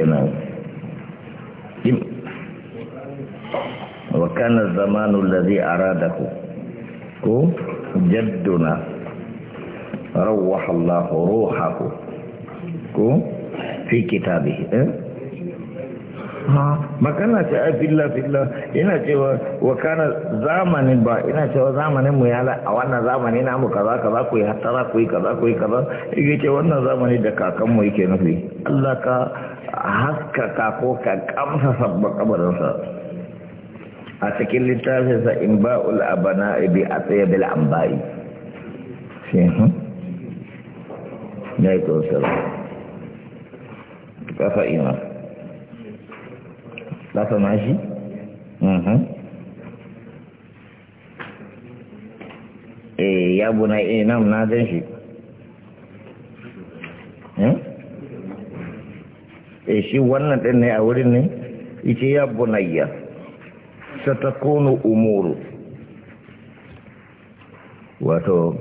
kenan wa kana zamanu allazi aradahu ko jadduna rawaha Allah ruhahu ko fi kitabihi eh ha makana ce a billah billah ina cewa wa kana zamanin ba ina cewa zamanin mu ya a wannan zamani na mu kaza kaza ku hattara ku kaza ku kaza yake ce wannan zamani da kakan mu yake nufi Allah ka haskaka ko ka kamsa sabba kabarinsa a cikin littafinsa in ba'ul abana ibi a tsaye bil ambayi hmm? ya yi tsosar kafa ima kafa mashi? Mm-hmm. eh ya buna inam na zan eh, shi eh shi wannan ɗin ne a wurin ne yace ya bunayya satakunu umuru wato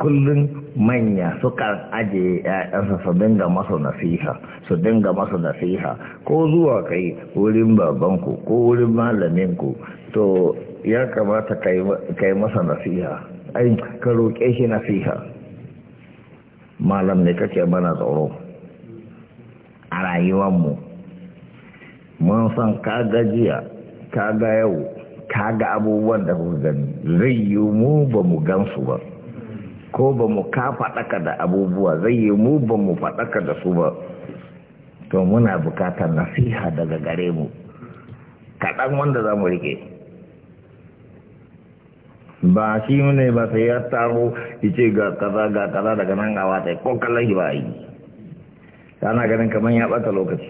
kullum manya sukan ajiye ‘ya'yansa su dinga masa nasiha su dinga masa nasiha ko zuwa kai wurin babanku ko wurin malaminku to ya kamata kai masa nasiha ai ka roƙe shi nasiha malam ne kake mana tsoro rayuwanmu mun san ka jiya ka ga yau ka ga abubuwan da ku gani zai yi mu ba mu gansu ba ko ba mu ka faɗaka da abubuwa zai yi mu ba mu faɗaka da su ba to muna bukatar nasiha daga gare mu kaɗan wanda za mu rike ba shi ne ba sai ya taro ya ce ga kaza ga kaza daga nan a wata ko kallon ba yi ana ganin kamar ya bata lokaci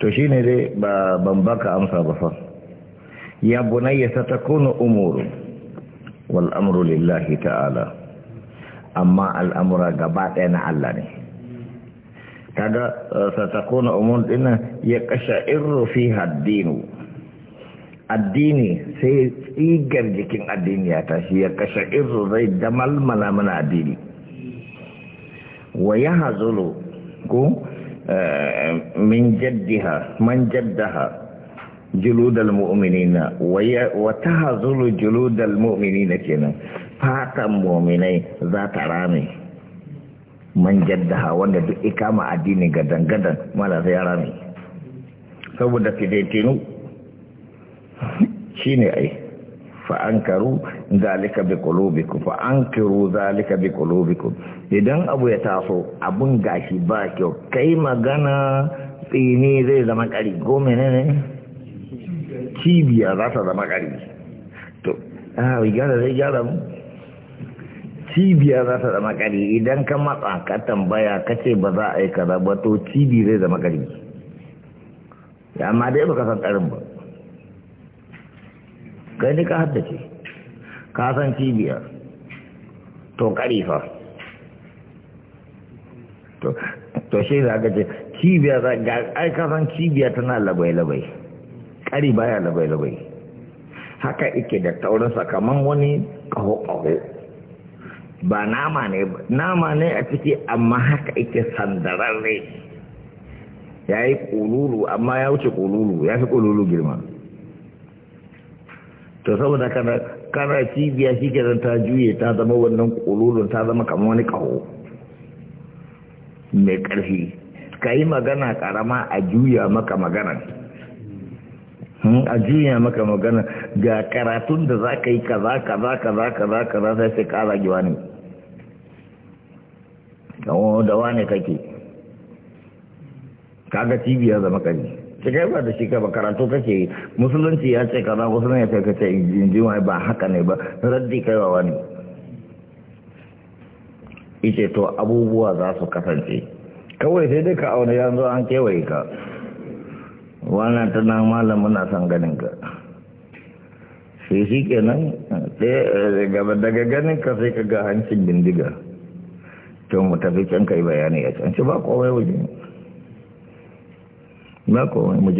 to shi ne dai ba ban baka amsa ba fa ya bunayya satakunu umuru wal amru lillahi ta'ala amma al'amura gaba ɗaya na Allah ne kaga eh, satakunu umuru dina ya kasha irru fi haddinu addini sai tsigar jikin addini ya tashi ya kashe irru zai damalmala mana addini wa ya hazulu ko eh, min jaddiha man jaddaha juludal mu'minina wa ta hazulu mu'minina kenan fatan mu'minai za ta rame man jaddaha wanda duk ikama addini gadan-gadan mala sai ya rame saboda fidentinu shi ne ai fa'ankaru zalika bi kulubiku fa’ankaru zalika bi kulubiku idan abu ya taso abun gashi ba kyau kai magana tsini zai zama kari ne ne cibiya za ta zama kari to gyara zai gyara mu cibiya za ta zama kari idan ka matsa ka tambaya ka ce ba za a yi kaza ba to cibi zai zama kari ma dai baka san karin ba kai ka haddace ka san cibiyar to karifa to shi za ka ce cibiyar ga ai ka san cibiyar tana labai-labai kari baya labai-labai haka ike da taurinsa kaman wani kaho-kaho ba nama ne nama ne a ciki amma haka ike sandararre ya yi kululu amma ya wuce kululu ya fi kululu girma to saboda kana kana cibiya shi ke ta juye ta zama wannan kululun ta zama kamar wani kaho mai ƙarfi ka yi magana ƙarama a juya maka magana hmm, a juya maka magana ga karatun da za ka yi kaza kaza kaza kaza kaza sai sai ƙara giwa ne da wane kake kaga cibiya zama kari ta kai ba da shi ka ba karatu kake yi musulunci ya ce kaza wasu ne ta kace inji wai ba haka ne ba raddi kai wa wani ice to abubuwa za su kasance kawai sai dai ka auna yanzu an kewaye ka wannan ta nan malam muna son ganin ka sai shi kenan eh, gaba daga ganin ka sai ka ga hancin bindiga to mu tafi can kai bayani a can ci ba komai wajen Na komai mu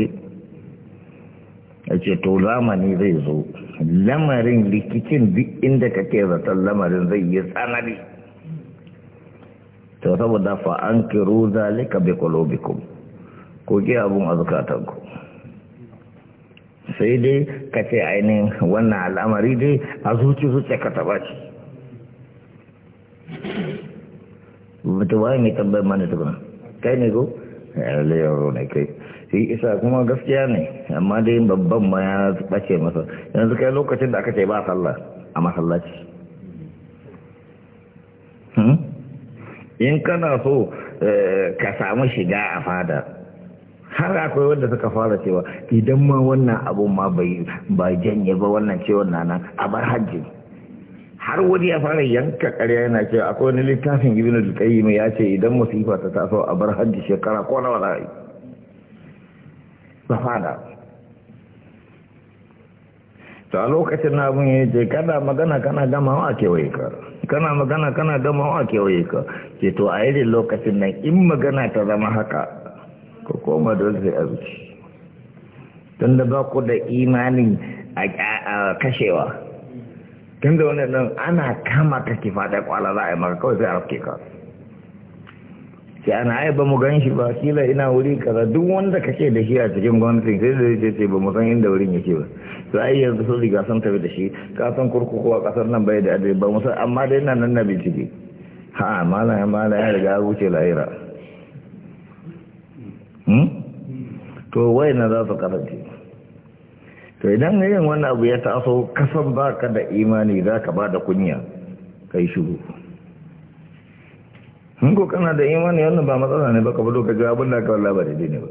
a ce to zamani zai zo lamarin rikicin duk inda ke zaton lamarin zai yi tsanani ta saboda fa an kiro zalika bi qulubikum ko ki abun zukatanku sai dai ka ce ainihin wannan al'amari dai a zuci zuci ka taba shi mutuwa ne tambayar mana tukuna kai ne go ya eh, lalai yaro ne kai shi isa kuma gaskiya ne amma dai babban ma ya bace masa yanzu kai lokacin da aka ce ba sallah a masallaci hmm? in kana so eh, ka samu shiga a fada har akwai wanda suka fara cewa idan ma wannan abun ma bai ba janye ba wannan ciwon nan a bar hajji har wani ya fara yanka karya yana cewa akwai wani littafin ibn al ya ce idan masifa ta taso a bar hajji shekara ko na wala'i safada ta lokacin na abin ya ce kada magana kana gamawa a kewaye ka kana magana kana gamawa a kewaye ka ce to a yi lokacin nan in magana ta zama haka ko koma don zai a don da ba ku da imanin a kashewa tun da wani nan ana kama ka kifa da kwalala a yi maka kawai sai a ka ce ana ai ba mu gan shi ba kila ina wuri kaza duk wanda kake da shi a cikin gwamnatin sai da zai ce ba mu san inda wurin yake ba to ai yanzu sun riga sun tafi da shi ka san kurkuku a kasar nan bai da adai ba mu san amma dai nan nan na bincike ha mala mala ya riga ya wuce lahira hmm? to wai na za su karanta to idan yin wannan abu ya taso kasan baka da imani za ka ba da kunya kai shugo in ko kana da imani wannan ba matsala ne ba ka fito ka ji abin da ka wallah ba daidai ne ba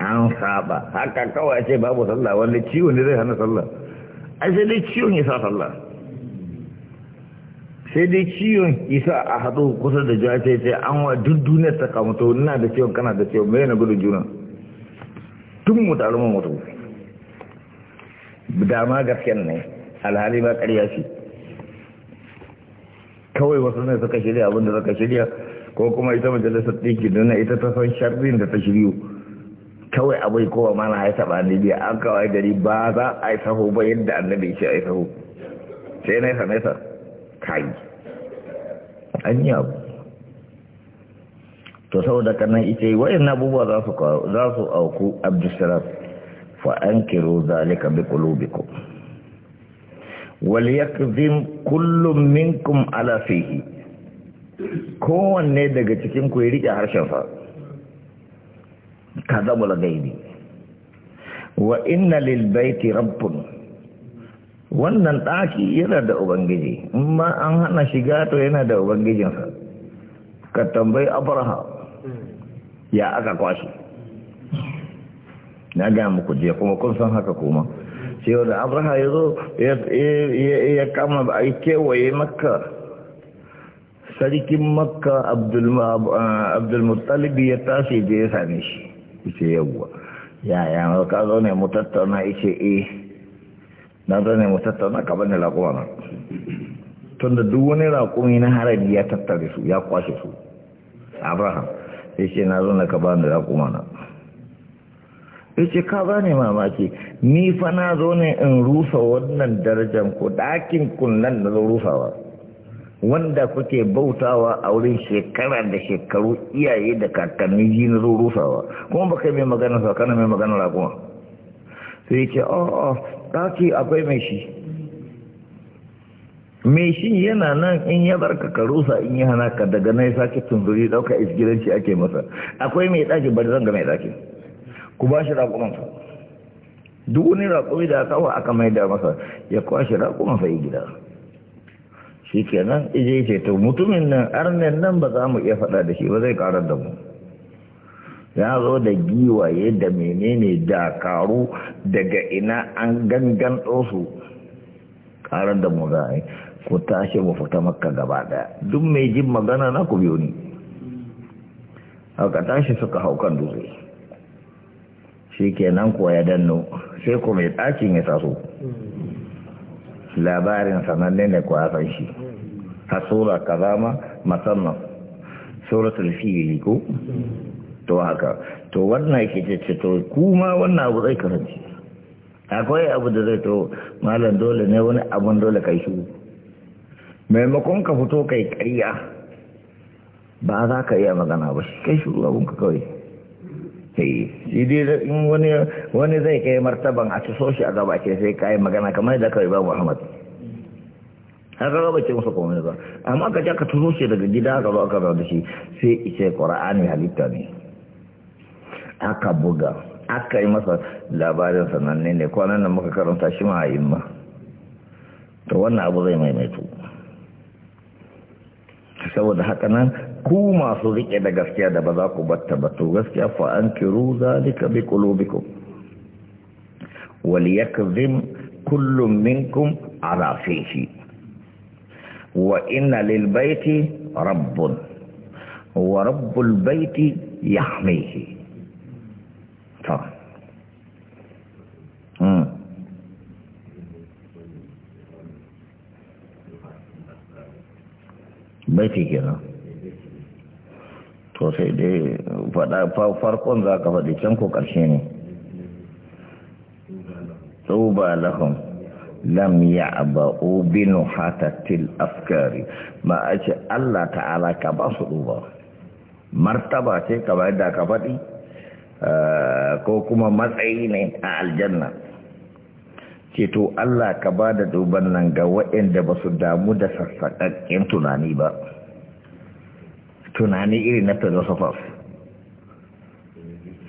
an saba haka kawai ce babu sallah wanda ciwon ne zai hana sallah A sai dai ciwon ya sa sallah sai dai ciwon isa a haɗu kusa da jiya ce sai an wa duk duniyar ta to ina da ciwon kana da ciwon mai na gudun juna tun mu taru mutu dama gaskiyar ne alhali ba ƙarya shi kawai wasu ne suka shirya abin da suka shirya ko kuma ita majalisar ɗinki nuna ita ta san sharrin da ta shiryu kawai abai kowa mana ya taɓa annabi an kawai gari ba za a yi saho ba yadda annabi ce a yi saho sai nesa nesa kayi an yi abu to saboda kanan ita yi wa'in abubuwa za su auku abdussalam fa an kiro zalika bi qulubikum waliyakzim kullum minkum ala fihi kowanne daga cikin ku ya rike harshensa kazabul gaibi wa inna lil baiti rabbun wannan ɗaki yana da ubangiji amma an hana shiga to yana da ubangijinsa ka tambayi abraha ya aka kwashi na gaya muku je kuma kun san haka kuma cewa da abraha ya zo ya kama ba a kewaye makka sarkin makka abdulmuttalib ya tashi da ya same shi ita yawwa yaya ka zo ne mu tattauna ice eh na zo ne mu tattauna ka bane raƙuma na tun da duk wani raƙumi na harami ya tattare su ya kwashe su abraham ya ce na zo na ka bane raƙuma na ya ce ka ba ne mamaki ni fa na zo ne in rusa wannan darajar ku ɗakin kunnan da zo rusawa wanda kuke bautawa a wurin shekara da shekaru iyaye da kakanni ji na zo rusawa kuma ba kai mai magana sa kana mai magana raguwa sai ya ce oh, oh ɗaki akwai mai shi mai shi yana nan in ya barka ka rusa in yi hana ka daga nan ya sake tunzuri ɗauka isgiranci ake masa akwai mai ɗaki bari zan ga mai ɗakin ku ba shi raƙumansa duk wani raƙumi da aka wa aka maida masa ya kwashe raƙumansa yi gida shi kenan ije ce to mutumin nan arnen nan ba za mu iya faɗa da shi ba zai ƙarar da mu ya zo da giwaye da menene dakaru daga ina an gangan ɗosu ƙarar da mu za a yi ku tashi mu fita makka gaba ɗaya duk mai jin magana na ku biyo ni aka tashi suka kan dutse shi kenan kuwa ya danno sai ku mai ɗakin ya taso labarin sananne ne kuwa san shi a sura kazama musamman suratul fili ko to haka to wannan yake cece to kuma wannan abu zai kasance akwai abu da zai to malam dole ne wani abun dole kai shi maimakon ka fito kai kariya ba za ka iya magana ba shi kai shi abun ka kawai sai in wani zai kai martaban a ci shi a gaba ce sai kayan magana kamar da kawai ba Muhammad a gaba ba ce masa ba amma ka ja ka shi daga gida ka zo aka zaune da shi sai ishe ƙura'ani halitta ne aka buga aka yi masa labarin sananne ne kwanan nan muka karanta shi ma yi ma to wannan abu zai maimaitu. saboda haka nan ku masu rike da gaskiya da ba za ku batta ba to gaskiya fa an kiru zalika bi qulubikum wal yakzim kullu minkum ala fihi wa inna lil baiti rabbun wa rabbul baiti yahmihi ta hmm. baiti kenan to sai dai fada farkon za ka faɗi can ko ƙarshe ne tsoba lahum lam aba obinu hatattil afkari ma a ce Allah ta'ala ka ba su duba martaba ce ka bayar da ka faɗi eh, ko kuma matsayi ne a aljanna ceto Allah ka ba da duban nan ga waɗanda ba su damu da sassaƙaƙƙen tunani ba tunani iri na philosophers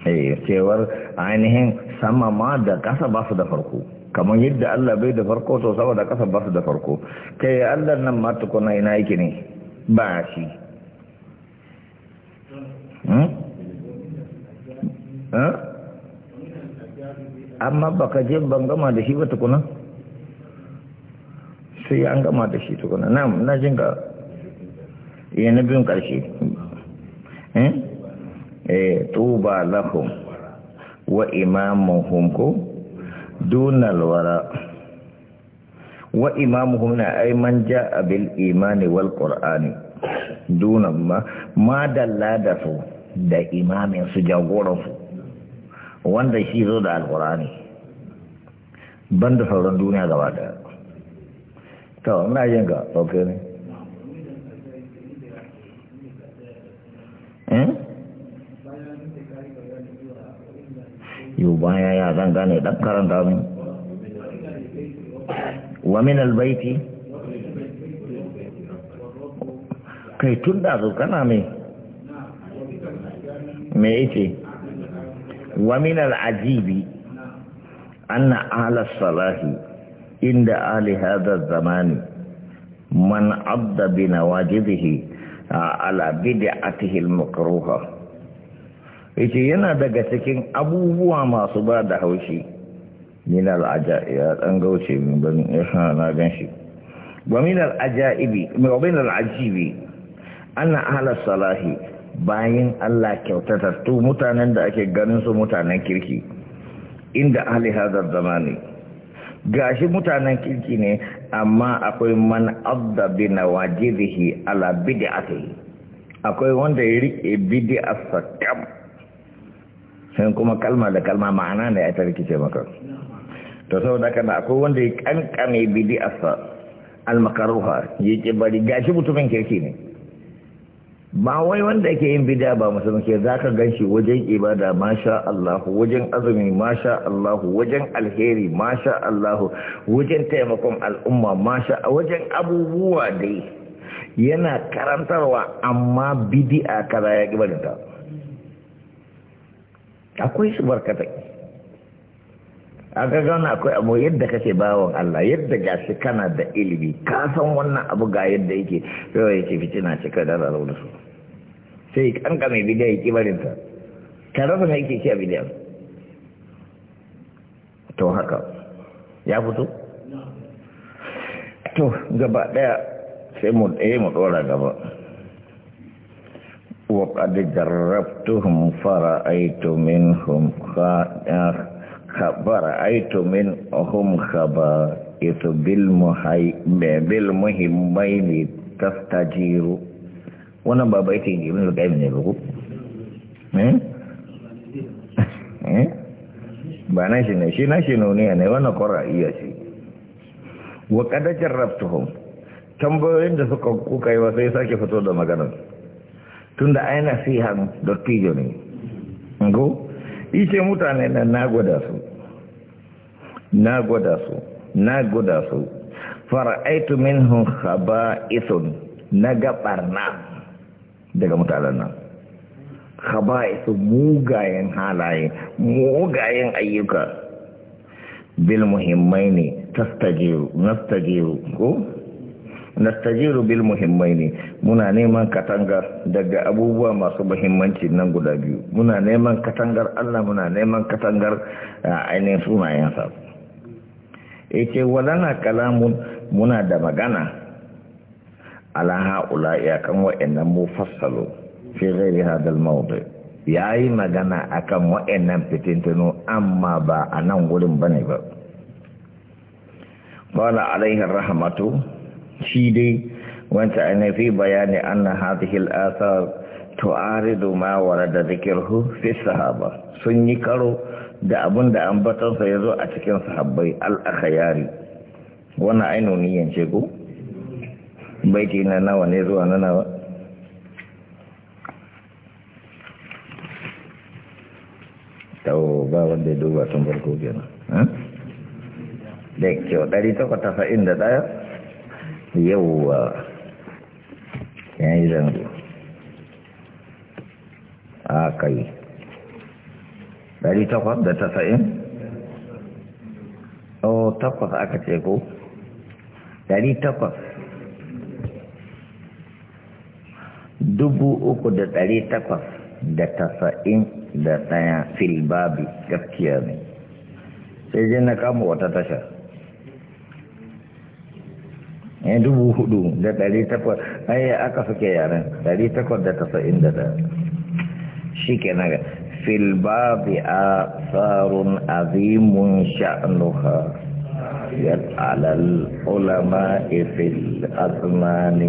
eh, cewar ainihin sama ma da kasa ba su da farko kamar yadda Allah bai da farko to sama da kasa ba su da farko kai Allah nan ma tukuna ina yake ne ba shi hmm? amma baka je ban gama da shi ba tukuna sai an gama da shi tukuna na jin ga iya eh, na biyun ƙarshe eh? Eh, tuba lahum wa imamuhum ko dunal wara wa imamuhum na man ja'a bil imani wal qur'ani dunan ma ma dalla da su da imamin su jagoran su wanda shi zo da alqur'ani banda sauran duniya gaba daya to ina yin ga ne baya ya zan gane dan karanta min wa min albayti kai tun da zo kana me me yake wa min alajibi anna ala salahi inda ali hada zamani man abda bi nawajidihi ala bid'atihi al-makruha yake yana daga cikin abubuwa masu ba da haushi min al'aja ya dan gauce min ban ya na ganshi wa min al'ajaibi wa min al'ajibi anna ahla salahi bayin Allah kyautatattu mutanen da ake ganin su mutanen kirki inda ahli hadar zamani gashi mutanen kirki ne amma akwai man abda bi nawajidihi ala bid'atihi akwai wanda ya rike bidi'a sakam sai kuma kalma da kalma ma'ana ne ya ce maka to saboda da akwai wanda ya kankame bid'arsa al-makruha yake bari gashi mutumin kirki ne ba wai wanda yake yin bid'a ba musulmi ke zaka ganshi wajen ibada masha Allah wajen azumi masha Allah wajen alheri masha Allah wajen taimakon al'umma masha wajen abubuwa dai yana karantarwa amma bidi'a kaza ya kibarinta akwai su barkatai a gagana akwai abu yadda kake bawon Allah yadda shi kana da ilimi ka san wannan abu ga yadda yake yau yake fitina cika da rarrau da su sai mai bidiyar ya kibarinta ta rasa na yake a bidiyar to haka ya fito to gaba daya sai mu ɗaya eh, mu ɗora gaba وقد جربتهم فرأيت منهم فرأيت منهم خبائث بالمهمين تستجير wannan ba baitin ibn al-qayyim ne ba ko eh eh shi ne shi na shi ne wa jarrabtuhum tambayoyin da suka kuka yi wa sai sake fito da maganar tunda ai nasiha dottijo ne ngo ice mutane na nagoda su Nagoda su nagoda su fara'aitu minhum khaba'ithun nagabarna daga mutanen nan khaba'isu mugayen halaye mugayen ayyuka bil muhimmai ne tastajiru nastajiru ko nastajiru bil muhimmai ne muna neman katangar daga abubuwa masu muhimmanci nan guda biyu muna neman katangar Allah muna neman katangar ah, ainihin sunayensa yace walana kalamun muna da magana ala haula ya kan wa'annan mufassalo fi ghairi hadal ya yayi magana akan wa'annan fitintunu amma ba a nan gurin bane ba wala alaihi rahmatu shi dai wanda ana fi bayani anna hadhihi to athar tu'aridu ma da dhikruhu fi sahaba sun yi karo da abinda ambaton ya zo a cikin sahabbai al'aka yari. wannan ainihin yance ce ko baiti na nawa ne zuwa na nawa tau ba wanda ya duba kyau farko takwata eh da kyau Yawwa ya yi zango a kai ɗari takwas da tasa'in? oh takwas aka ce ko? ɗari takwas dubu uku da ɗari takwas da tasa'in da ɗaya filibabi gaskiya ne sai je na kama wata tashar ya dubu hudu da dari takwas ai aka suke yaren dari takwas da tasa'in da da shi ke na filbabi a tsarin azimun sha'anuha يسأل العلماء في الأزمان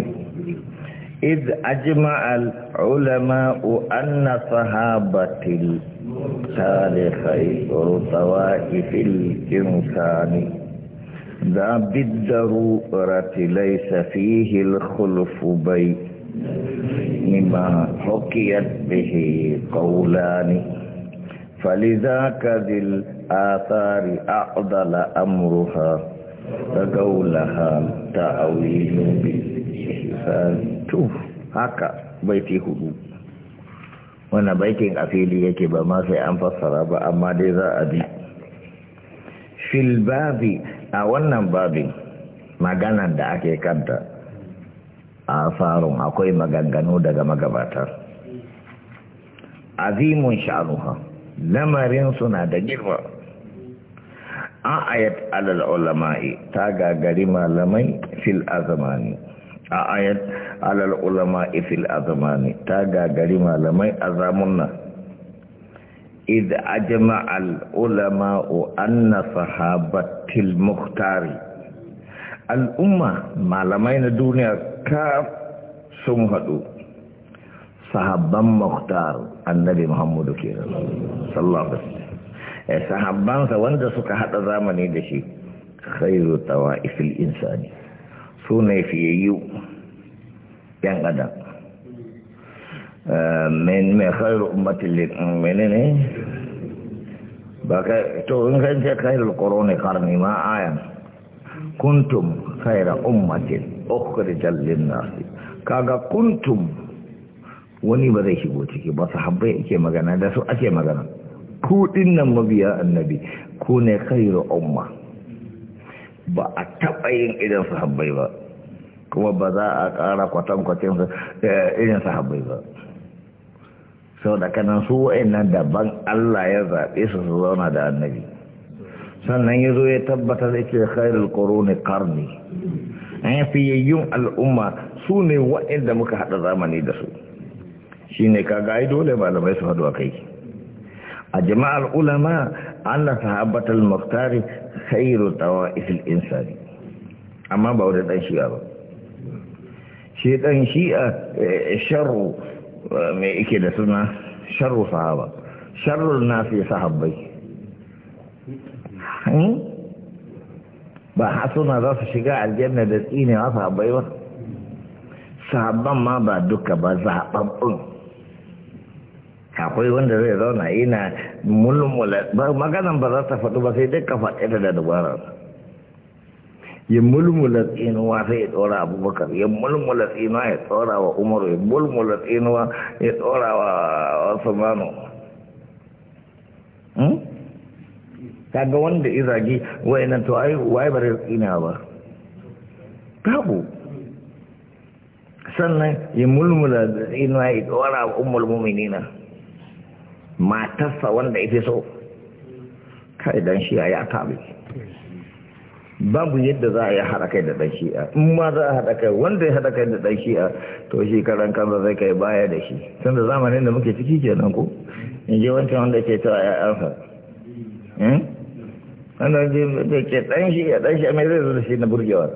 إذ أجمع العلماء أن صحابة التاريخ خير طوائف الإنسان ذا بالضرورة ليس فيه الخلف بي مما حكيت به قولان فلذاك ذي الآثار أعضل أمرها فقولها تأويل بالإحسان توف هكا بيتي هدو وانا بيتي أفيلي يكي بما سيأنفسر بأما لذا ذا أبي في الباب a wannan babin maganan da ake kanta a farun akwai maganganu daga magabatar azimun sha'anuha lamarin suna da girma an ayat alal ulama'i ta gagari malamai fil azamani a ayat alal fil azamani ta gagari malamai azamunna إذ أجمع العلماء أن صحابة المختار الأمة معلمين الدنيا كاف سمهدو صحابة مختار النبي محمد كيرا صلى الله عليه وسلم صحابة سواند سكا حتى زامني دشي خير طوائف الإنسان سوني في يو yang ada min mai khairu ummatin menene ba kai to in kan ce khairul quruni qarni ma ayan kuntum khaira ummatin ukhrijal linnas kaga kuntum wani ba zai shigo ciki ba sahabbai yake magana da su ake magana ku dinnan mabiya annabi ku ne khairu umma ba a taɓa yin idan sahabbai ba kuma ba za a ƙara kwatankwacin eh, irin sahabbai ba sau da kanan su wa'annan daban Allah ya zaɓe su su zauna da annabi sannan ya zo ya tabbata zai ke khairul koroni karni an fi yayyun al'umma su ne wa'anda muka haɗa zamani da su shi ne kaga ai dole malamai su haɗu a kai a jama'ar ulama Allah sahabbatal muktari khairu isil insani amma ba wani ɗan shi'a ba shi dan shi'a eh, sharru mai ike da suna sharru sahaba sharrun fi sahabbai hmm? ba suna za su shiga aljanna da tsine ma sahabbai ba sahabban ma ba duka ba zaɓaɓɓun akwai wanda zai zauna yana mulmula maganan ba za ta faɗu ba sai duka ka faɗi da dabarar ya mulmula tsinuwa sai ya tsora abubakar ya mulmula tsinuwa ya tsora wa umaru ya mulmula tsinuwa ya tsora wa Ta hmm? kaga wanda izagi wayannan to ai wai bare tsina ba babu sannan ya mulmula tsinuwa ya tsora wa umar mu'minina matarsa wanda ita so kai dan shi ya tabi babu yadda za a yi haɗa kai da ɗan shi'a in ma za a haɗa kai wanda ya haɗa kai da ɗan shi'a to shi karan kanza zai kai baya da shi tun da zamanin da muke ciki nan ko in je wancan wanda ke ta ya'yansa hmm? wanda da ke ɗan shi'a ɗan shi'a mai zai zo da shi na burgewa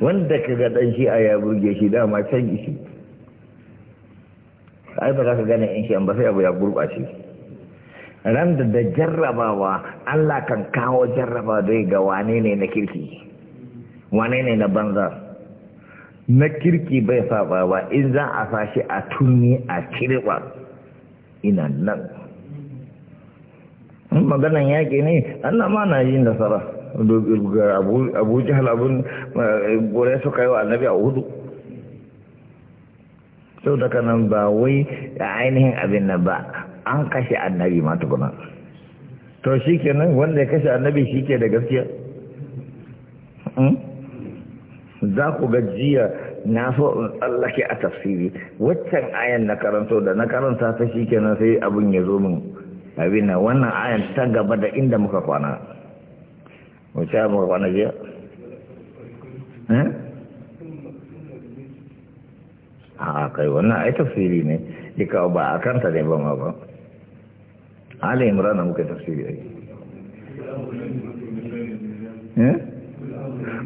wanda ka ga ɗan shi'a ya burge shi dama can gishi ai ba za ka gane in shi'an ba sai abu ya gurɓace Randa da jarrabawa Allah kan kawo jarraba dai ga wane ne na kirki wane ne na banza na kirki bai ba, in za a sashi a turmi a kirba ina nan maganan yaƙi ne Allah ma na yi nasara abu jihal abin eh, gore su kai wa annabi a hudu sau daga nan ba wai a ainihin abin na ba an kashe annabi ma tukuna to shi kenan wanda ya kashe annabi shi ke da gaskiya hmm? za ku gajiya na so in tsallake a tafsiri waccan ayan na karanto da na karanta ta shi kenan sai abin ya zo min abin na wannan ayan ta gaba da inda muka kwana wacce muka kwana jiya hmm? a kai wannan ai tafsiri ne dika ba a kanta ne ba ma ba Ali Imran eh? oh, muka tafsiri ai eh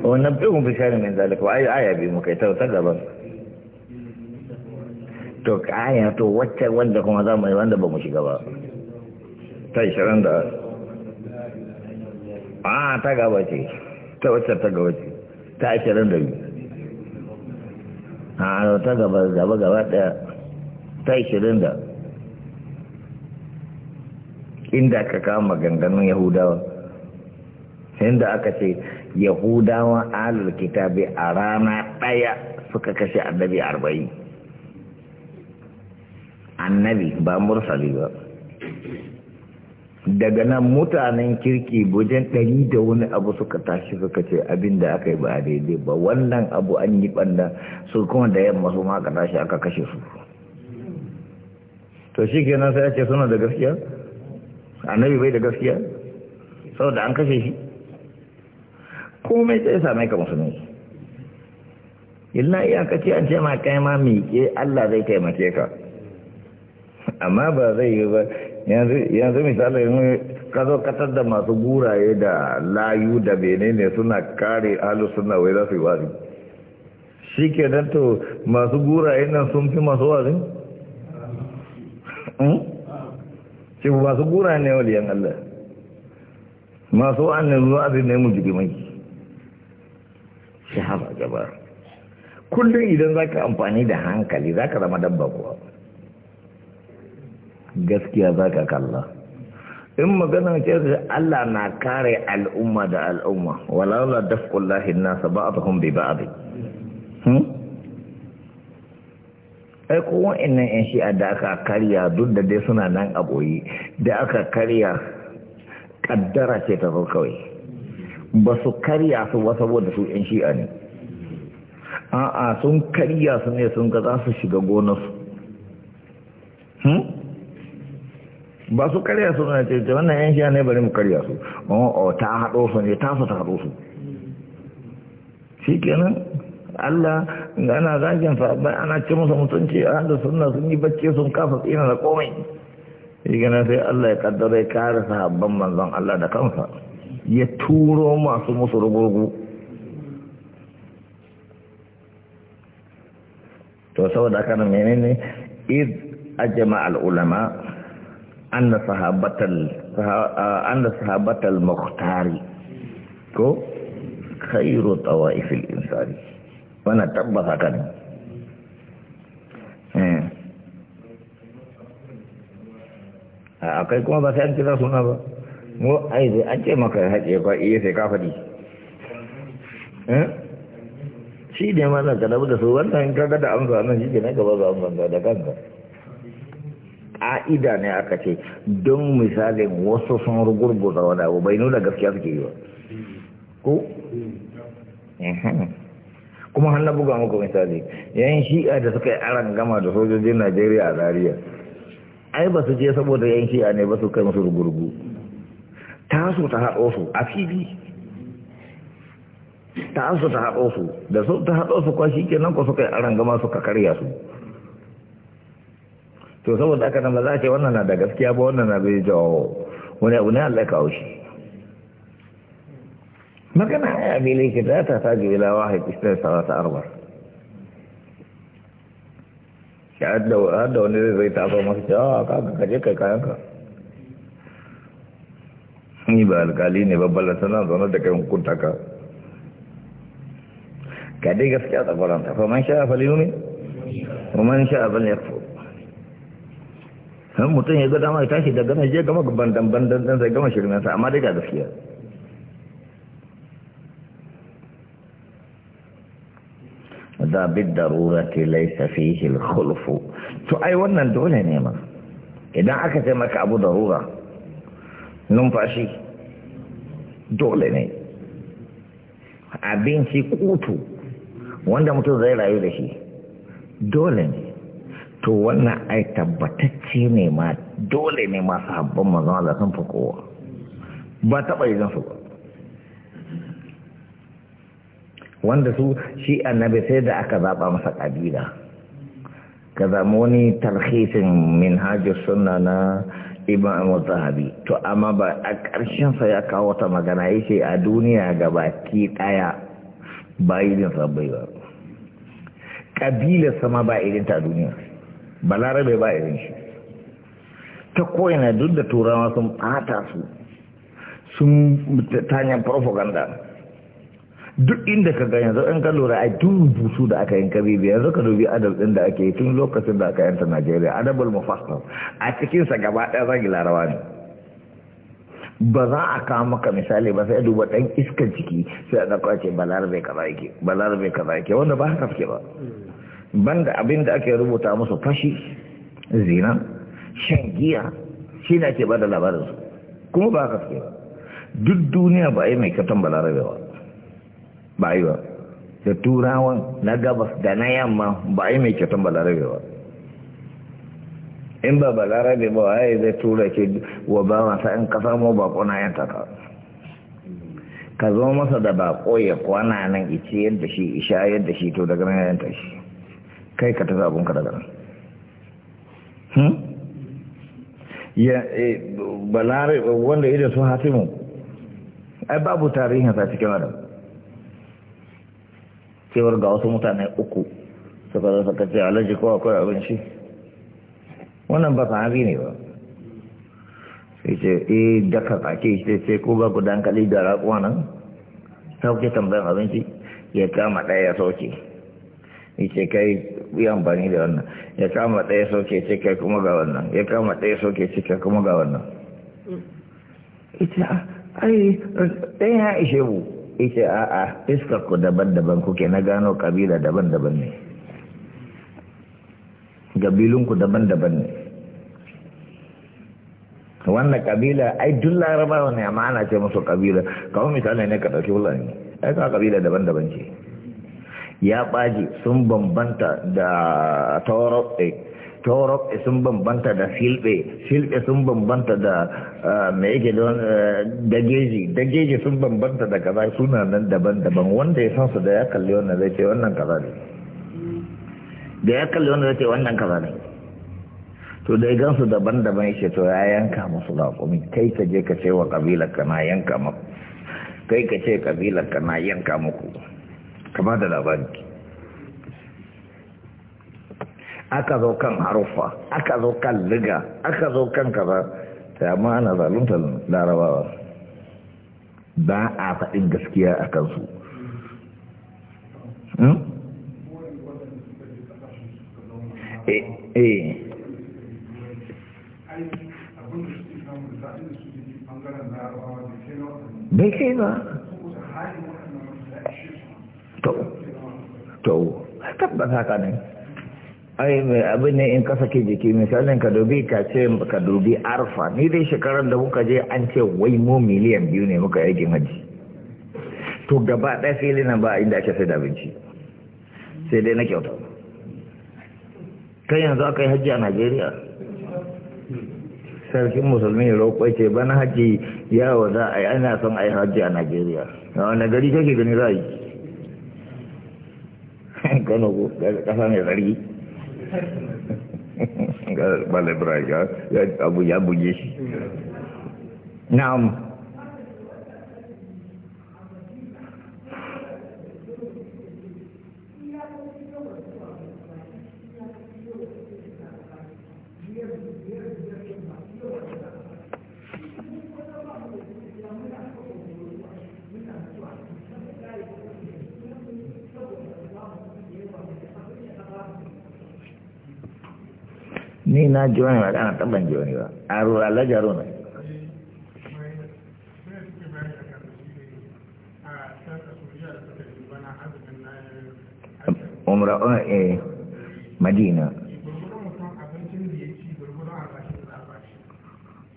wa nabiyuhum bi shay'in min zalika wa aya bi muka ta ta gaban to aya to wacce wanda kuma za mu yi wanda ba mu shiga ba ta ishirin da a ta gaba ce ta wacce ta gaba ce ta 22 a ta gaba gaba gaba daya ta ishirin da inda aka kama maganganun yahudawa inda aka ce yahudawa alul kitabi a rana ɗaya suka kashe annabi arba'in annabi ba mursali ba daga nan mutanen kirki wajen ɗari da wani abu suka tashi suka ce abin da aka yi ba daidai ba wannan abu an yi ɓanda su kuma da yamma su ma ka tashi aka kashe su to shi kenan sai ake suna da gaskiya annabi bai da gaskiya saboda an kashe shi komai sai same ka musulmi illa iyaka ce an ce ma kai ma miƙe Allah zai taimake ka amma ba zai yi ba yanzu misali ka zo katar da masu guraye da layu da bene ne suna kare alu suna wai za su yi wazi shi ke to masu guraye nan sun fi masu wazi? Hmm? ce ba su gura ne waliyan Allah masu wa'annan wa'azin ne shi shahara gaba kullum idan za ka amfani da hankali za ka zama dabba kuwa gaskiya za ka kalla in maganar ce Allah na kare al'umma da al'umma walaula nasa ba a ba'dhum ba a bai hmm? ai ko wa'annan yan shi'a da aka karya duk da dai suna nan a boye da aka karya kaddara ce ta zo kawai ba su karya su ba saboda su yan shi'a ne a'a sun karya su ne sun ga za su shiga gonarsu hmm? ba su karya su na ce wannan yan shi'a ne bari mu karya su o oh, oh, ta haɗo su ne ta su ta haɗo su shi kenan Allah ana zagin sabbai ana ce musu mutunci a hannun sunna sun yi bacci sun kafa tsina da komai shi gina sai Allah ya kaddara ya kare sahabban manzon Allah da kansa ya turo masu musu rugurgu to saboda haka nan menene id ajma al ulama anna sahabatal anna sahabatal muhtari ko khairu tawaifil insani wannan tabbata eh. kan akai kuma ba sai an kira suna ba mu ai sai an ce maka haƙe ba iya sai ka faɗi eh? shi ne ma ka dabu da su wannan kaga da amsa nan shi ne gaba za amsa da kanka ƙa'ida ne aka ce don misalin wasu sun rugurguza wani abu bai nuna gaskiya suke yi ba ko eh, kuma har na buga muku misali yayin shi'a da suka yi aran gama da sojojin najeriya a zariya ai ba su je saboda yan shi'a ne ba su kai musu rugurgu taso ta haɗo su a fili taso ta haɗo su da su ta haɗo su kwashi kenan ko suka yi aran gama suka karya su to saboda aka nan ba za a ce wannan na da gaskiya ba wannan na bai jawo wani abu ne Allah ya kawo shi magana haya fili ki da ta taji ila wahid istar salata arba shi har da wani ah, zai tafa masu cewa kaga kaje kai kayanka ni ba alkali ne babban lasana zaune da kai hukunta ka ka dai gaskiya tsabaran ta faman sha fali yumi faman sha abin ya fi mutum ya ga dama ya tashi daga da gama je gama bandan bandan sai gama shirin sa amma dai ga gaskiya ذا بالضرورة ليس فيه الخلف wannan dole ne ma. Idan aka أكت مك أبو darura, numfashi, dole ne. abinci kutu wanda mutum zai rayu da shi dole ne to wannan ai tabbatacce ne ma dole ne ma sabbin mazan Allah sun fi kowa ba taɓa yi zan su ba wanda su shi annabi sai da aka zaba masa kabila ka zamo wani tarhisin minhajus suna na imam zahabi to amma ba a ƙarshen sa ya kawo wata magana ce a duniya gabaki daya ba irin sabbai ba Ƙabilar sama ba irin ta duniya balarabe ba irin shi ta koyana duk da turawa sun ɓata su sun ta hanyar propaganda duk inda ka gani yanzu in ka lura a tun rubutu da aka yin kabibi yanzu ka dubi adab din da ake tun lokacin da aka yanta Najeriya adabul mufassal a cikin sa gaba ɗaya zagi larawa ne ba za a kawo maka misali ba sai duba ɗan iskar ciki sai a ɗauka ce balarabe kaza yake balarabe kaza ke wanda ba haka suke ba banda abin da ake rubuta musu fashi zina shan giya shi ne ake ba da labarinsu kuma ba haka suke ba duk duniya ba a yi mai katon larabe ba ba yi ba da turawan na gabas da na yamma ba yi mai kyautan balarabe ba in ba balarabe ba wa ya zai tura ke wa ba masa in kasa mu ba kuna yan taka eh, ka zo masa da bako ya kwana nan ice yadda shi isha yadda shi to daga nan yanta shi kai ka tafi ka daga nan ya balarabe wanda idan su hatimu ai babu tarihin sa cikin adam cewar ga wasu mutane uku suka zo suka ce alaji ko akwai abinci wannan ba sahabi ne ba sai ce eh daka shi sai ko ba ku dankali da raƙuwa nan sauke tambayan abinci ya kama ɗaya ya sauke ya ce kai yi amfani da wannan ya kama ɗaya sauke ce kai kuma ga wannan ya kama ɗaya sauke ce kai kuma ga wannan ita ah, ai ɗaya ya ishe mu yace a'a fiskar ku daban-daban kuke na gano kabila daban-daban ne gabilun ku daban-daban ne wannan kabila ai dun larabawa ne amma ana ce musu kabila kawai misali ne ka wula ne ai ka kabila daban-daban ce ya ɓaji sun bambanta da tawarau eh, torop sun bambanta da silbe silbe sun bambanta da eh, mai yake don eh, dageji dageji sun bambanta da kaza suna nan daban-daban wanda ya san su da ya kalli wannan zai ce wannan kaza ne da ya kalli wannan zai ce wannan kaza ne to dai gansu daban-daban ya ce to ya yanka musu laƙumi kai ka je ka ce wa ƙabilar ka na yanka muku kai ka ce ƙabilar ka na yanka muku ka ba da labari aka zo kan haruffa aka zo kan liga aka zo kan kaza sai amma ana zalunta larabawa ba a faɗin gaskiya a kansu hmm? eh, eh. bai kai ba to to tabbata ka ne ai mai abin ne in kasa ke jiki misalin ka dubi ka ce ka dubi arfa ni dai shekarar da muka je an ce wai mu miliyan biyu ne muka yakin haji to gaba ɗaya fili nan ba inda ake sai da abinci sai dai na kyauta kai yanzu aka yi hajji a najeriya sarkin musulmi roƙo ce bana hajji yawo za a yi ana son a yi hajji a najeriya na wani gari kake gani za a yi kano ƙasa mai tsarki ga ya ya buge shi na'am na ji wani magana ta ban ji wani ba a rura lajaro ne umra oh, eh madina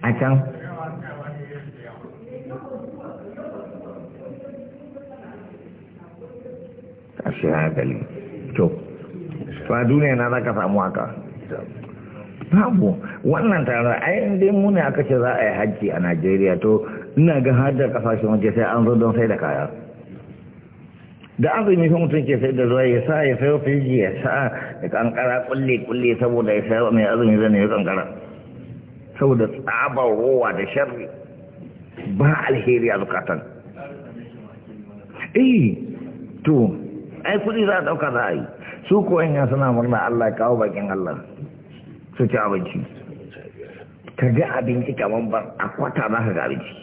a can a shi hankali to fa duniya na za ka samu haka babu wannan tare yin dai mu ne aka ce za a yi hajji a Najeriya to ina ga hajjar kasashen waje sai an zo don sai da kaya da azumi fa mutum ke sai da zuwa ya sa ya sayo fiji ya sa ya kankara kulle kulle saboda ya sayo mai azumi zan ya kankara saboda tsabar ruwa da sharri ba alheri a zukatan eh to ai kuɗi za a ɗauka za a yi su ko yan suna murna Allah kawo bakin Allah su ci abinci ka ga abinci kamar ba a kwata za ka ga abinci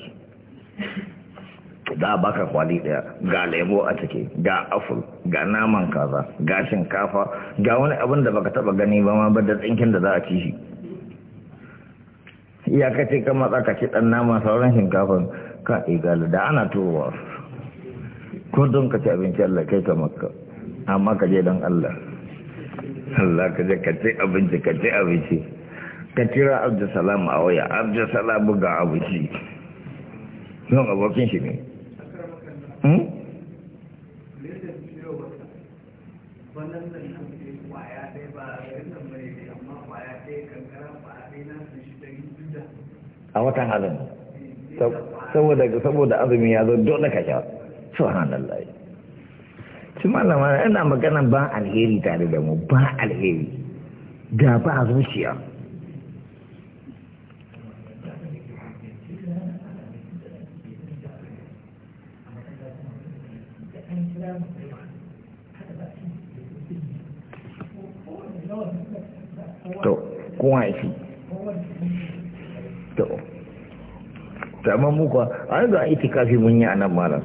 za a baka kwali daya ga lemo a ciki ga aful ga naman kaza ga shinkafa ga wani abin da baka taba gani ba ma ba da tsinkin da za a ci shi ka ce ka ci dan nama sauran shinkafan ka igala da ana turowa ko don ka ci abinci Allah kai ka makka amma ka je don Allah Allah ka je ka ce abinci ka ce abinci ka kira abdulsalam a waya abdulsalam ga abinci don abokin shi ne hmm? a watan azumi saboda azumi ya zo dole ka sha subhanallah ci malama ina magana ba alheri tare da mu ba alheri da ba zuciya to to ta an a itikafi mun yi a nan malam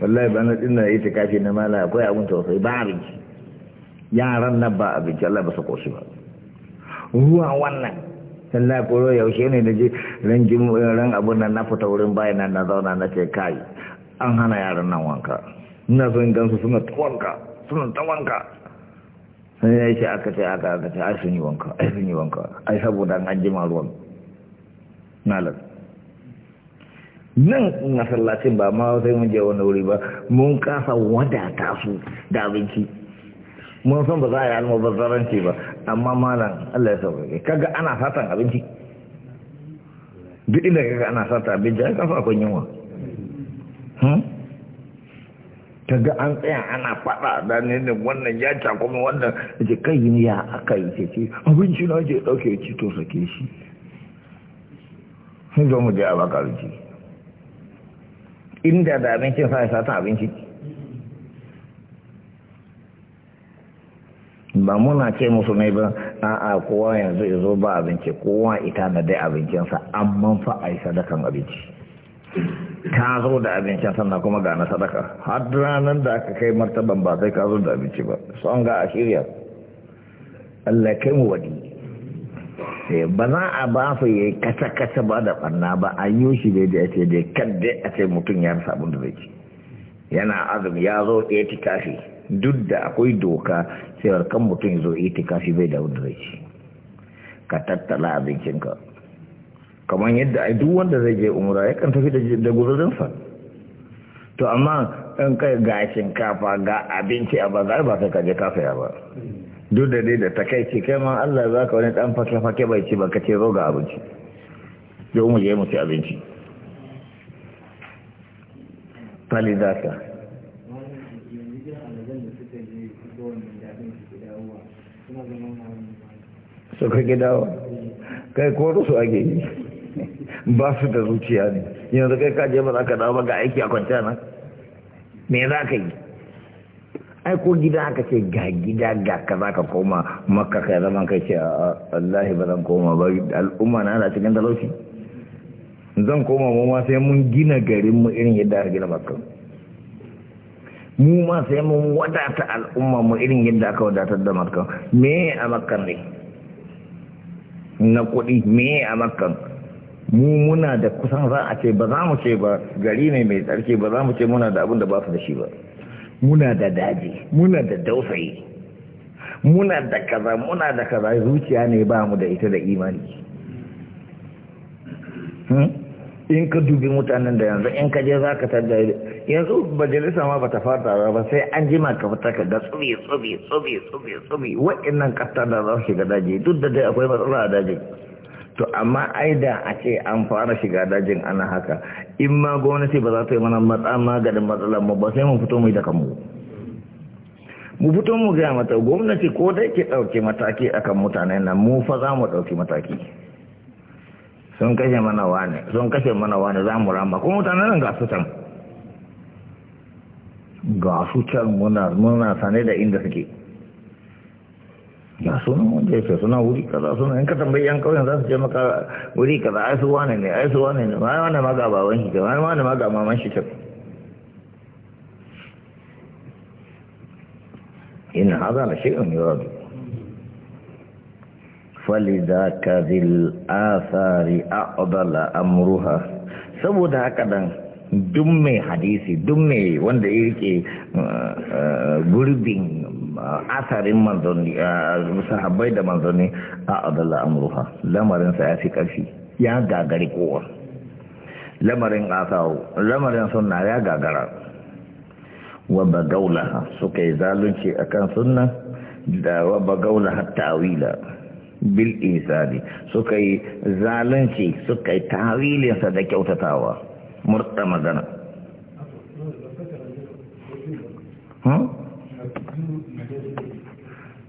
wallahi ba na dinna yi ta kafi na mala akwai abin tausayi ba abinci yaran nan ba abinci Allah ba su koshi ba ruwa wannan wallahi koro yaushe ne da je ran jin ran abun nan na fita wurin bayan nan na zauna na ce kai an hana yaran nan wanka ina son gansu suna ta wanka suna ta wanka sai ya ce aka ce aka aka ce ai sun yi wanka ai sun yi wanka ai saboda an jima ruwan na lafi nan masallacin ba ma sai mun je wani wuri ba mun kasa wadata su da abinci mun san ba za a yi almubazzaranci ba amma malam Allah ya sauƙaƙe kaga ana satan abinci duk inda kaga ana satan abinci ai kasa akwai yunwa hmm? kaga an tsaya ana fada da ne da wannan ya kuma wannan ce kai ne ya aka yi ce ce abinci na je dauke ci to sake shi sun zo mu je a baka abinci inda da abincin sa ya ta abinci ba muna ce musu mai ba a'a kowa yanzu ya zo ba abinci kowa ita na dai abincinsa amma fa a yi sadakan abinci ka zo da abincin sannan kuma ga na sadaka har ranar da aka kai martaban ba sai ka zo da abinci ba son ga a shirya Allah kai mu wadi ba za a ba su ya yi kasa-kasa ba da ɓanna ba a yi shi dai da ce dai kadai a ce mutum ya rasa abin da zai ci yana azumi ya zo ɗaya tikafi duk da akwai doka sai kan mutum zo ɗaya tikafi bai da abin da zai ci ka tattala abincinka kamar yadda ai duk wanda zai je umura ya kan tafi da guzurinsa to amma in kai ga shinkafa ga abinci a bazar ba sai ka je ya ba duk da dai da ta kai ma Allah za ka wani dan fake-fake bai ci baka ce zo ga abinci yau mu je mu ci abinci ka suka gidawa kai ko rusu ake yi ba su da zuciya ne yanzu kai kaje ba za ka dawo ba ga aiki a kwanciya na me za ka yi ai ko gida aka ce ga gida ga ka za ka koma makka ka zama kai ce wallahi ba zan koma ba al'umma na ana cikin talauci zan koma mu ma sai mun gina garin mu irin yadda aka gina makka mu ma sai mun wadata al'umma mu irin yadda aka wadatar da makka me a makka ne na kuɗi me a makka mu muna da kusan za a ce ba za mu ce ba gari ne mai tsarki ba za mu ce muna da abin da ba su da shi ba muna da daji muna da dausayi muna da kaza muna da kaza zuciya ne ba mu da ita da imani hmm? in ka dubi mutanen da yanzu in ka je za ka tada yanzu majalisa ma ba ta fara ba sai an jima ka fita ka ga tsubi tsubi tsubi tsubi tsubi wa'annan kasta da za su shiga daji duk da dai akwai matsala a daji to amma aida a ce an fara shiga dajin ana haka in ma gwamnati ba za ta yi mana matsa maganin matsalar mu ba sai mu fito mu yi da kanmu mu fito mu gaya mata gwamnati ko da ke ɗauke mataki akan mutane na mu fa za mu ɗauki mataki sun kashe mana wane sun kashe mana wane za mu rama kuma mutane nan ga su can ga can muna sane da inda suke ya sunan wanda ya suna wuri kaza sunan in ka tambayi yan kauyen za su ce maka wuri kaza ai su wane ne ai su wane ne wani wane ma ga baban shi ta wani wane ma ga maman shi ta in haza na shi'un fali falida ka zil asari a odala amruha saboda haka dan duk mai hadisi duk mai wanda ya rike uh, uh, gurbin asarin manzanni sahabbai da manzanni a adalla amruha lamarinsa ya fi ƙarfi ya gagari kowa lamarin asawo lamarin suna ya gagara wa gaula suka yi zalunci a kan suna da wa bagaulaha ta'wila bil isali suka yi zalunci suka yi tawilinsa da kyautatawa murda magana hmm?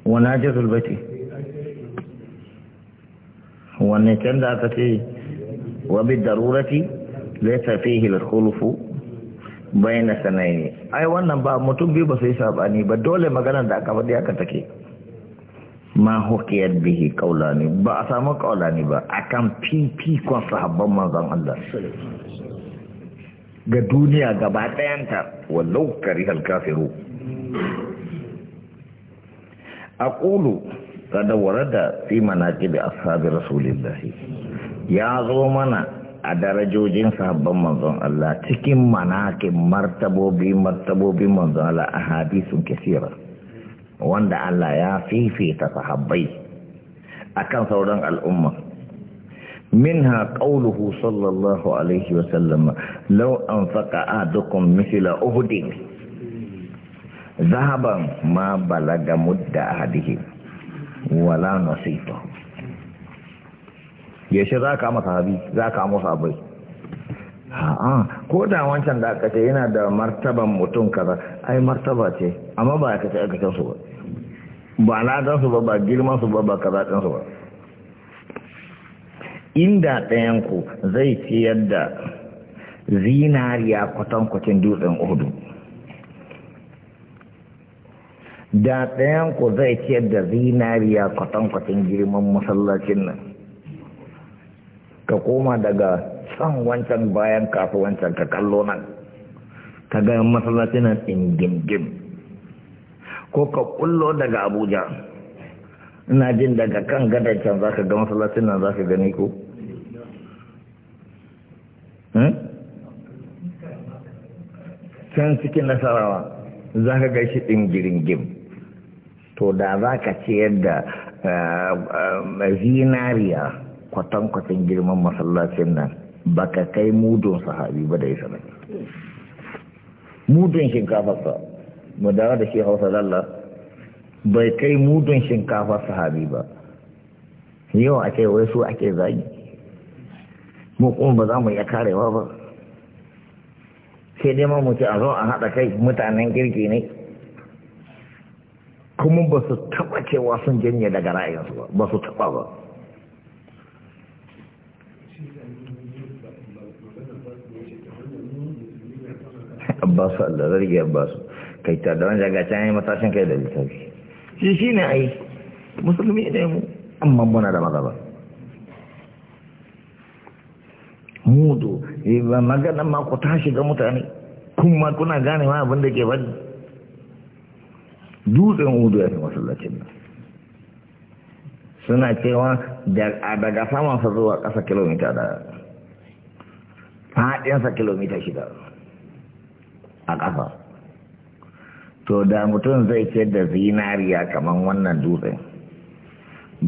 da aka ce وان darurati zai tafi hulufu فيه na sanayi ne. ai wannan ba mutum biyu ba su yi sabani ba dole maganar da aka faɗi aka take ma hukiyar bihi ne ba a samu ne ba akan fifikon sahabban manzon Allah ga duniya gaba ɗayanta wallau halka kafiru aqulu kada warada fi manaki da ashabi rasulillahi ya zo mana a darajojin sahabban manzon Allah cikin manake martabobi martabobi manzon a hadisun kisira wanda Allah ya fifita sahabbai a kan sauran al'umma minha qauluhu sallallahu alaihi wasallam lau an faka adukun mithila uhudin zahaban ma balaga mudda hadihi wala nasifa yaushe za ka masa habi za ka masa abai ko da wancan da aka ce yana da martaban mutum kaza ai martaba ce amma ba aka ce aka ce su ba ba ladan su ba ba girman su ba ba kaza din su ba inda ɗayan ku zai ciyar da zinariya kwatankwacin dutsen uhudu da ɗayan ku zai ciyar da zinariya kwatankwacin girman masallacin nan ka koma daga can wancan bayan wancan ka kallo nan ka ga masallacin nan ɗingingim ko ka kullo daga abuja ina jin daga kan gadar can za ka ga masallacin nan za ka gani ko hmm? can cikin nasarawa za ka gaishe ɗin giringim to da za ka ciyar da eh, eh, zinariya kwatankwacin girman masallacin nan ba ka kai mudun sahabi ba da ya sanar mudun shinkafarsa mu dawo da shi hausa bai kai mudun shinkafar sahabi ba yau a kai wai su ake zagi mu kuma ba za mu iya karewa ba sai dai ma mu ce a zo a haɗa kai mutanen girki ne kuma ba su taɓa cewa sun janye daga ra'ayinsu ba ba su taɓa ba Abbas giyar ba Abbas kai ta da wanda ga can matashin kai da littafi shi shi ne yi. musulmi ne mu amma muna da mazaba mudu eh, magana ma ku tashi ga mutane kuma kuna gane ma abin ke bani dutsen udu ya fi masallacin nan suna cewa daga saman sa zuwa ƙasa kilomita da faɗinsa kilomita shida a ƙasa to da mutum zai ce da zinariya kamar wannan dutsen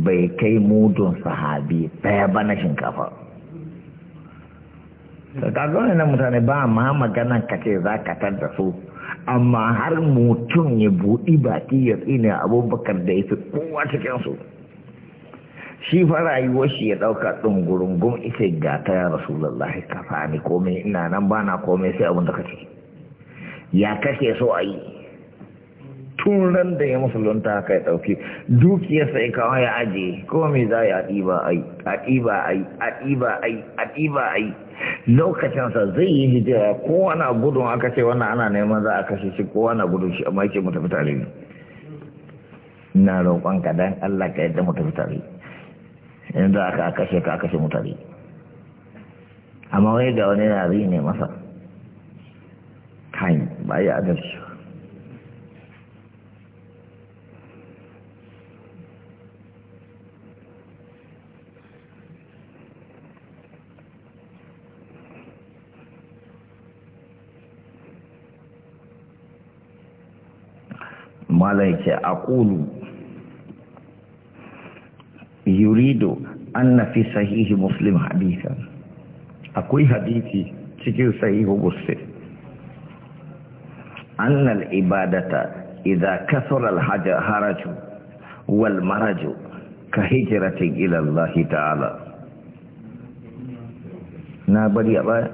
bai kai mudun sahabi ɗaya ba na shinkafa da kagawar na mutane ba ma maganan kace za ka tar da su amma har mutum ya buɗi baƙi ya tsina abubakar da ya fi kowa cikinsu shi fa rayuwar shi ya ɗauka ɗin gurungun ita ga ta ya rasulullahi kafa ne komai ina nan bana komai sai abin da ka ce ya kake so a yi tun ran da ya musulunta haka ya ɗauki dukiyarsa ya kawo ya ajiye kuma me za ya ɗiba ai a ɗiba ai a ɗiba ai a a ai lokacinsa zai yi hijira ko na gudun aka ce wannan ana neman za a kashe shi ko na gudun shi amma yake mu tafi tare ne ina roƙon ka dan Allah ka yadda mu tafi tare yanzu aka kashe ka kashe mu tare amma wani ga wani na ne masa kai ba ya adalci malam ce kulu yurido anna fi sahihi muslim hadithan akwai hadisi cikin sahihu muslim anna al-ibadata idza kasara al-haraju wal maraju ka hijratin ila Allah ta'ala na bari a baya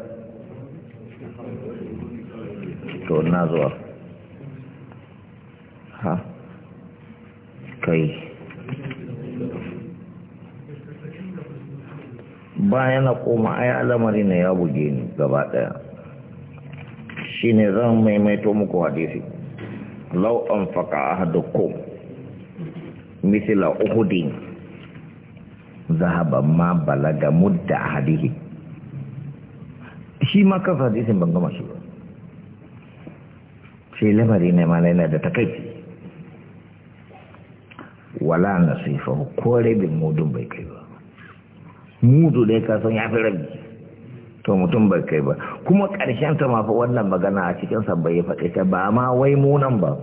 to na zuwa ha kai bayan na koma ai alamari ne ya buge ni gaba daya ne zan maimaito muku hadisi Lau law anfaqa ahadukum misila uhudin zahaba ma balaga mudda hadisi. shi ma kafa hadisin ban gama shi ba shi lamari ne ma yana da takaici wala sifa ko rabin mudun bai kai ba mudu dai ka san ya fi rabi to mutum bai kai ba kuma ƙarshen ta mafi wannan magana a cikin sabbai ya faɗi ta ba ma wai munan ba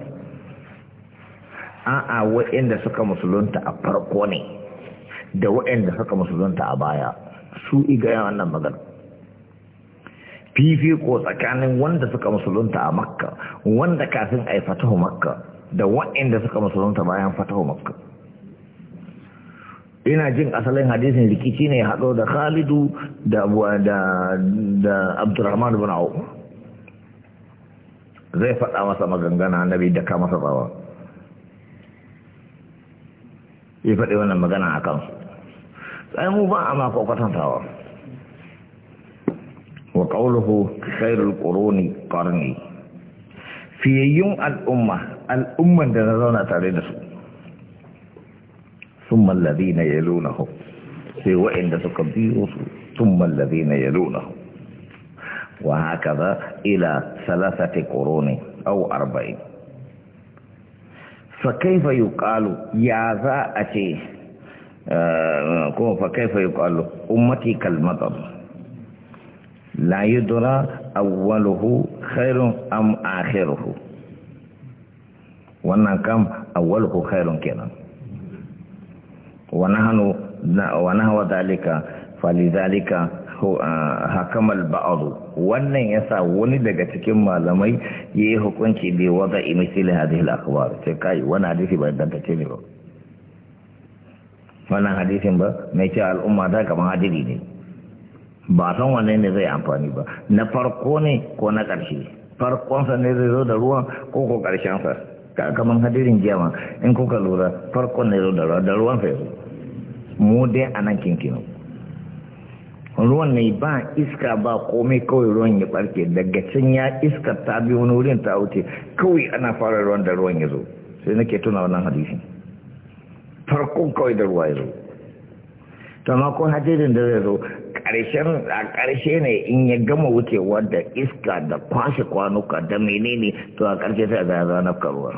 a'a waɗanda suka musulunta a farko ne da waɗanda suka musulunta a baya su igaya wannan magana fifiko tsakanin wanda suka musulunta a makka wanda kafin a yi fatahu makka da waɗanda suka musulunta bayan fatahu makka ina jin asalin hadisin rikici ne haɗo da khalidu da da abdurrahman bin awu zai faɗa masa magangana annabi da ka masa tsawa ya faɗi wannan magana a kansu sai mu ba a mako kwatantawa wa ƙauluhu khairul ƙoroni ƙarni fiyayyun al'umma al'umman da na zauna tare da su sun mallabi na yalo na hau sai wa'inda suka biyo su sun mallabi na yalo na hau wa haka za ila salasati koroni au arba'in fakaifa yi ƙalu ya za a ce kuma fakaifa yi ƙalu ummati kalmatar la yi dura awwaluhu khairun am akhiruhu wannan kam awwaluhu khairun kenan wa nahnu wa fali dalika falidhalika ah, hakamal ba'd wannan yasa wani daga cikin malamai yayi hukunci bi wada'i misli hadhihi al-akhbar sai kai wannan hadisi ba dan tace ne ba wannan hadisin ba mai ce al'umma da kama hadiri ne ba san wanne ne zai amfani ba na farko ne ko na ƙarshe farkonsa ne zai zo da ruwan ko ko ƙarshensa kaman hadirin jama in kuka lura farkon ne da ruwan fa mu dai a nan kinkinu ruwan ne ba iska ba komai kawai ruwan ya barke daga can ya iska ta bi wani wurin ta wuce kawai ana fara ruwan da ruwan ya zo sai nake tuna wannan hadisin farkon kawai da ruwa ya zo ta amma ko hadirin da zai zo ƙarshen a ƙarshe ne in ya gama wucewa da iska da kwashe kwanuka da menene to a ƙarshe ta a na karuwa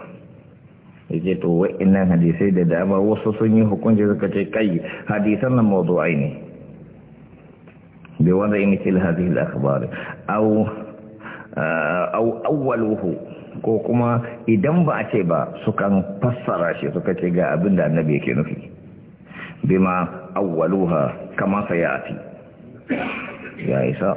yake to wa'innan hadisai da dama wasu sun yi hukunci suka ce kai hadisan nan mawdu'ai ne bai wanda in misal hadhihi da akhbar aw au awwaluhu ko kuma idan ba a ce ba sukan fassara shi suka ce ga abin da annabi yake nufi bima awwaluha kama sayati ya isa